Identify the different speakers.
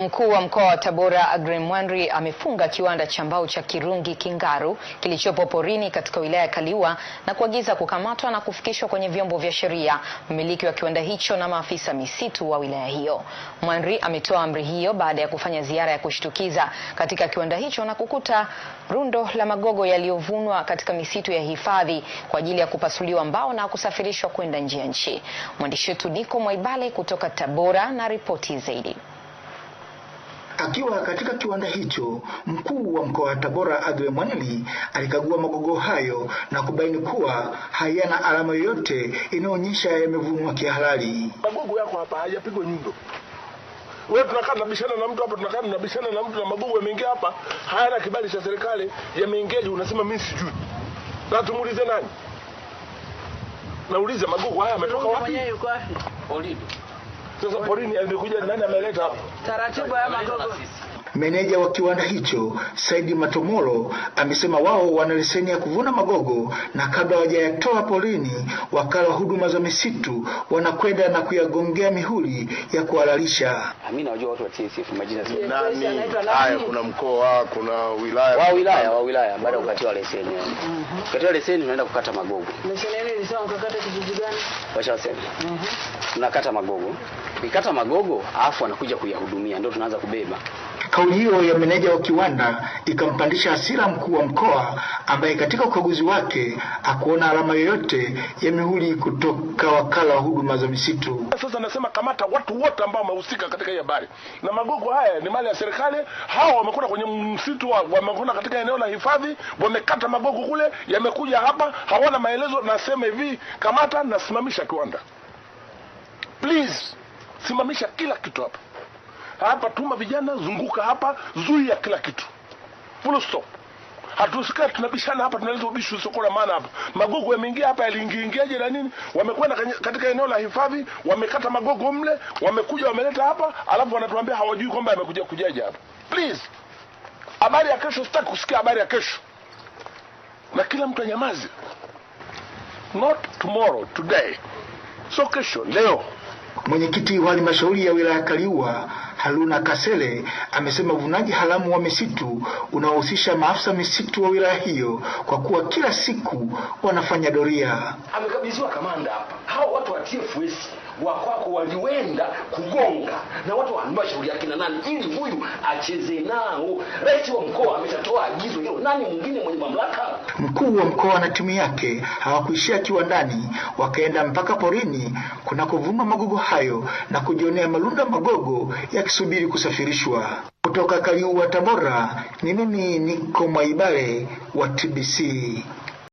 Speaker 1: Mkuu wa mkoa wa Tabora Aggrey Mwanri amefunga kiwanda cha mbao cha Kirungi Kingaru kilichopo Porini katika wilaya ya Kaliua na kuagiza kukamatwa na kufikishwa kwenye vyombo vya sheria mmiliki wa kiwanda hicho na maafisa misitu wa wilaya hiyo. Mwanri ametoa amri hiyo baada ya kufanya ziara ya kushtukiza katika kiwanda hicho na kukuta rundo la magogo yaliyovunwa katika misitu ya hifadhi kwa ajili ya kupasuliwa mbao na kusafirishwa kwenda nje ya nchi. Mwandishi wetu Niko Mwaibale kutoka Tabora na ripoti zaidi.
Speaker 2: Akiwa katika kiwanda hicho, mkuu wa mkoa wa Tabora Agwe Mwaneli alikagua magogo hayo na kubaini kuwa hayana alama yoyote inayoonyesha yamevunwa kihalali.
Speaker 3: Magogo yako hapa hayapigwa nyundo. Wewe tunakaa tunabishana na mtu hapa, tunakaa tunabishana na mtu na magogo yameingia hapa, hayana kibali cha serikali, yameingia unasema mimi sijui. Na tumuulize nani? Nauliza magogo haya yametoka wapi?
Speaker 4: Yuko wapi? Olido.
Speaker 3: Sasa porini alikuja nani ameleta hapo?
Speaker 4: Taratibu ya magogo.
Speaker 2: Meneja wa kiwanda hicho Saidi Matomoro amesema wao wana leseni ya kuvuna magogo na kabla hawajayatoa porini, wakala wa huduma za misitu wanakwenda na kuyagongea mihuri ya kuhalalisha.
Speaker 5: Amina, wajua watu wa TSF majina sio
Speaker 6: nani. Haya, kuna mkoa, kuna wilaya,
Speaker 5: wa wilaya, wa wilaya baada ya kukatiwa leseni. Kukatiwa leseni unaenda kukata magogo.
Speaker 7: Leseni ile ilisema ukakata kijiji gani?
Speaker 5: Washasema. mhm, unakata magogo kuikata magogo afu anakuja kuyahudumia, ndio tunaanza kubeba.
Speaker 2: Kauli hiyo ya meneja wa kiwanda ikampandisha hasira mkuu wa mkoa ambaye katika ukaguzi wake hakuona alama yoyote ya mihuri kutoka wakala wa huduma za misitu.
Speaker 3: Sasa nasema kamata watu wote ambao wamehusika katika hii habari, na magogo haya ni mali ya serikali. Hawa wamekwenda kwenye msitu, wamekwenda katika eneo la hifadhi, wamekata magogo kule, yamekuja hapa, hawana maelezo. Nasema hivi, kamata, nasimamisha kiwanda please simamisha kila kitu hapa hapa, tuma vijana, zunguka hapa, zuia kila kitu, full stop. Hatusikaa tunabishana hapa, tunaleta ubishi usio na maana hapa. Magogo yameingia hapa, yaliingiingiaje na nini? Wamekwenda katika eneo la hifadhi, wamekata magogo mle, wamekuja wameleta hapa, alafu wanatuambia hawajui kwamba yamekuja kujaje hapa. Please, habari ya kesho sitaki kusikia habari ya kesho, na kila mtu anyamaze. Not tomorrow, today, so kesho, leo.
Speaker 2: Mwenyekiti wa halmashauri ya wilaya Kaliua Haruna Kasele amesema uvunaji haramu wa misitu unaohusisha maafisa misitu wa wilaya hiyo kwa kuwa kila siku wanafanya doria.
Speaker 3: Amekabidhiwa kamanda hapa, hao watu wa TFS wa kwako walienda kugonga na watu wa halmashauri akina nani, ili huyu acheze nao. Rais wa mkoa ameshatoa agizo hilo, nani mwingine mwenye mamlaka?
Speaker 2: Mkuu wa mkoa na timu yake hawakuishia kiwandani, wakaenda mpaka porini kuna kuvuma magogo hayo na kujionea malunda magogo yakisubiri kusafirishwa kutoka Kaliua, Tabora. Ni mimi niko Mwaibale wa TBC.